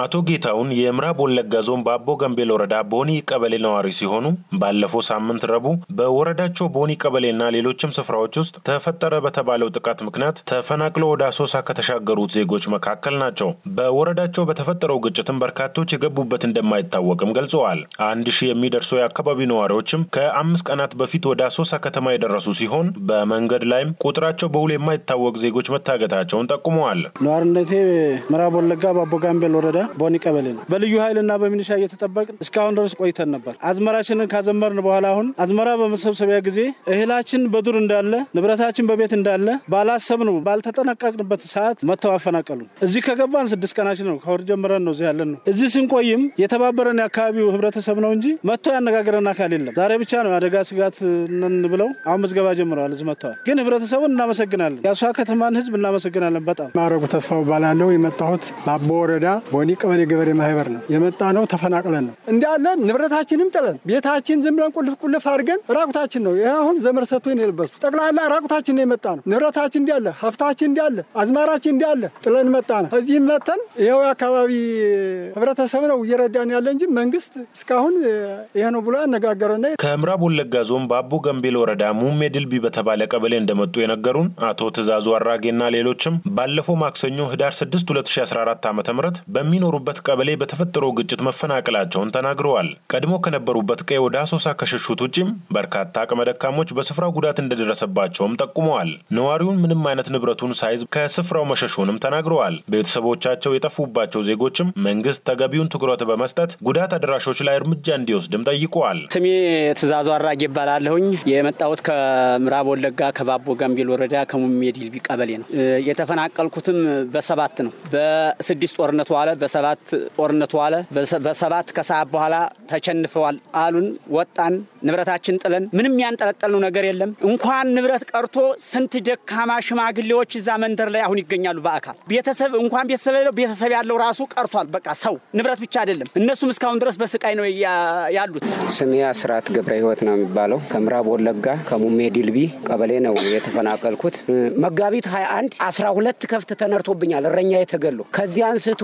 አቶ ጌታውን የምዕራብ ወለጋ ዞን በአቦ ገንቤል ወረዳ ቦኒ ቀበሌ ነዋሪ ሲሆኑ ባለፈው ሳምንት ረቡዕ በወረዳቸው ቦኒ ቀበሌና ሌሎችም ስፍራዎች ውስጥ ተፈጠረ በተባለው ጥቃት ምክንያት ተፈናቅለ ወደ አሶሳ ከተሻገሩት ዜጎች መካከል ናቸው። በወረዳቸው በተፈጠረው ግጭትም በርካቶች የገቡበት እንደማይታወቅም ገልጸዋል። አንድ ሺህ የሚደርሱ የአካባቢው ነዋሪዎችም ከአምስት ቀናት በፊት ወደ አሶሳ ከተማ የደረሱ ሲሆን በመንገድ ላይም ቁጥራቸው በውል የማይታወቅ ዜጎች መታገታቸውን ጠቁመዋል። ነዋሪነቴ ምዕራብ ወለጋ በአቦ ገንቤል ወረዳ ቦኒ ቀበሌ ነው። በልዩ ኃይልና በሚኒሻ እየተጠበቅን እስካሁን ድረስ ቆይተን ነበር። አዝመራችንን ካዘመርን በኋላ አሁን አዝመራ በመሰብሰቢያ ጊዜ እህላችን በዱር እንዳለ ንብረታችን በቤት እንዳለ ባላሰብነው ባልተጠነቀቅንበት ሰዓት መተው አፈናቀሉ። እዚህ ከገባን ስድስት ቀናችን ነው። ከወር ጀምረን ነው እዚህ ያለን ነው። እዚህ ስንቆይም የተባበረን የአካባቢው ህብረተሰብ ነው እንጂ መጥቶ ያነጋገረን አካል የለም። ዛሬ ብቻ ነው አደጋ ስጋት ነን ብለው አሁን ምዝገባ ጀምረዋል። እዚህ መጥተዋል። ግን ህብረተሰቡን እናመሰግናለን። የአሷ ከተማን ህዝብ እናመሰግናለን። በጣም ማረጉ ተስፋው ባላለው የመጣሁት በአቦ ወረዳ ቦኒ ቀበሌ ገበሬ ማህበር ነው የመጣ ነው። ተፈናቅለን ነው እንዳለን ንብረታችንም ጥለን ቤታችን ዝም ብለን ቁልፍ ቁልፍ አድርገን ራቁታችን ነው። ይህ አሁን ዘመድ ሰጥቶኝ ነው ጠቅላላ ራቁታችን ነው የመጣ ነው። ንብረታችን እንዲያለ፣ ሀብታችን እንዲያለ፣ አዝማራችን እንዲያለ ጥለን መጣ ነው። እዚህም መተን ይኸው አካባቢ ህብረተሰብ ነው እየረዳን ያለ እንጂ መንግስት እስካሁን ይህ ነው ብሎ ያነጋገረና ከምዕራብ ወለጋ ዞን በአቦ ገንቤል ወረዳ ሙሜ ድልቢ በተባለ ቀበሌ እንደመጡ የነገሩን አቶ ትእዛዙ አራጌና ሌሎችም ባለፈው ማክሰኞ ህዳር 6 2014 ዓ ም በሚ ከሚኖሩበት ቀበሌ በተፈጠረው ግጭት መፈናቀላቸውን ተናግረዋል። ቀድሞ ከነበሩበት ቀይ ወደ አሶሳ ከሸሹት ውጪም በርካታ አቅመ ደካሞች በስፍራው ጉዳት እንደደረሰባቸውም ጠቁመዋል። ነዋሪውን ምንም አይነት ንብረቱን ሳይዝ ከስፍራው መሸሹንም ተናግረዋል። ቤተሰቦቻቸው የጠፉባቸው ዜጎችም መንግስት ተገቢውን ትኩረት በመስጠት ጉዳት አድራሾች ላይ እርምጃ እንዲወስድም ጠይቀዋል። ስሜ ትእዛዙ አራጌ ይባላለሁኝ። የመጣሁት ከምዕራብ ወለጋ ከባቦ ገንቢል ወረዳ ከሙሜ ዲልቢ ቀበሌ ነው። የተፈናቀልኩትም በሰባት ነው። በስድስት ጦርነት በኋላ በሰባት ጦርነቱ ዋለ። በሰባት ከሰዓት በኋላ ተቸንፈዋል አሉን። ወጣን፣ ንብረታችን ጥለን ምንም ያንጠለጠልነው ነገር የለም። እንኳን ንብረት ቀርቶ ስንት ደካማ ሽማግሌዎች እዛ መንደር ላይ አሁን ይገኛሉ። በአካል ቤተሰብ እንኳን ቤተሰብ የለው ቤተሰብ ያለው ራሱ ቀርቷል። በቃ ሰው ንብረት ብቻ አይደለም። እነሱም እስካሁን ድረስ በስቃይ ነው ያሉት። ስሜ አስራት ገብረ ህይወት ነው የሚባለው ከምዕራብ ወለጋ ከሙሜ ዲልቢ ቀበሌ ነው የተፈናቀልኩት። መጋቢት 21 12 ከፍት ተነርቶብኛል እረኛ የተገሉ ከዚህ አንስቶ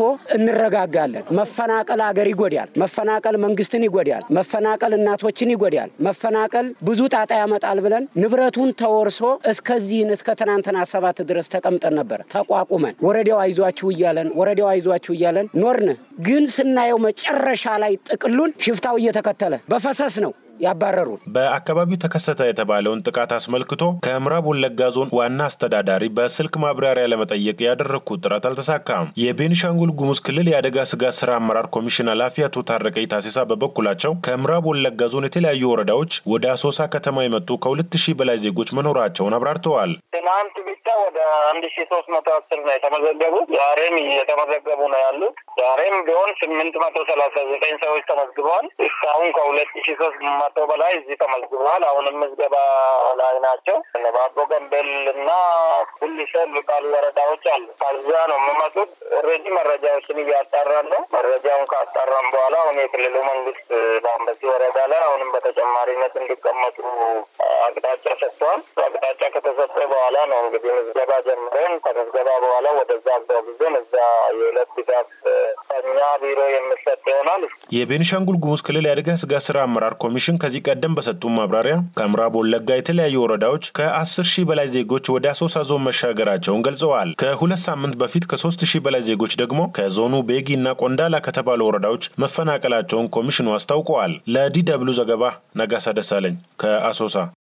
እንረጋጋለን። መፈናቀል አገር ይጎዳል። መፈናቀል መንግስትን ይጎዳል። መፈናቀል እናቶችን ይጎዳል። መፈናቀል ብዙ ጣጣ ያመጣል ብለን ንብረቱን ተወርሶ እስከዚህን እስከ ትናንትና ሰባት ድረስ ተቀምጠን ነበር። ተቋቁመን ወረዳው አይዟችሁ እያለን ወረዳው አይዟችሁ እያለን ኖርን። ግን ስናየው መጨረሻ ላይ ጥቅሉን ሽፍታው እየተከተለ በፈሰስ ነው ያባረሩት። በአካባቢው ተከሰተ የተባለውን ጥቃት አስመልክቶ ከምዕራብ ወለጋ ዞን ዋና አስተዳዳሪ በስልክ ማብራሪያ ለመጠየቅ ያደረግኩት ጥረት አልተሳካም። የቤኒሻንጉል ጉሙዝ ክልል የአደጋ ስጋት ስራ አመራር ኮሚሽን ኃላፊ አቶ ታረቀይ ታሲሳ በበኩላቸው ከምዕራብ ወለጋ ዞን የተለያዩ ወረዳዎች ወደ አሶሳ ከተማ የመጡ ከሁለት ሺህ በላይ ዜጎች መኖራቸውን አብራርተዋል። ትናንት ብቻ ወደ አንድ ሺ ሶስት መቶ አስር ነው የተመዘገቡት። ዛሬም እየተመዘገቡ ነው ያሉት። ዛሬም ቢሆን ስምንት መቶ ሰላሳ ዘጠኝ ሰዎች ተመዝግበዋል። እስካሁን ከሁለት ሺ ሶስት መቶ በላይ እዚህ ተመዝግበዋል። አሁንም ምዝገባ ላይ ናቸው። ነባቦ ገንበል እና ጉሊሰን ቃል ወረዳዎች አሉ። ከዛ ነው የምመጡት። ኦልሬዲ መረጃዎችን እያጣራን ነው። መረጃውን ካጣራን በኋላ አሁን የክልሉ መንግስት በአንበሲ ወረዳ ላይ አሁንም በተጨማሪነት እንዲቀመጡ አቅጣጫ ሰጥተዋል። አቅጣጫ ከተሰጠ በኋላ ነው እንግዲህ ምዝገባ ጀምረን ከምዝገባ በኋላ ወደዛ አጓጉዘን እዛ የዕለት ድጋፍ እኛ ቢሮ የምሰጥ ይሆናል። የቤንሻንጉል ጉሙዝ ክልል የአደጋ ስጋት ስራ አመራር ኮሚሽን ከዚህ ቀደም በሰጡ ማብራሪያ ከምዕራብ ወለጋ የተለያዩ ወረዳዎች ከአስር ሺህ በላይ ዜጎች ወደ አሶሳ ዞን መሻገራቸውን ገልጸዋል። ከሁለት ሳምንት በፊት ከሶስት ሺህ በላይ ዜጎች ደግሞ ከዞኑ ቤጊ እና ቆንዳላ ከተባሉ ወረዳዎች መፈናቀላቸውን ኮሚሽኑ አስታውቀዋል። ለዲ ደብሉ ዘገባ ነጋሳ ደሳለኝ ከአሶሳ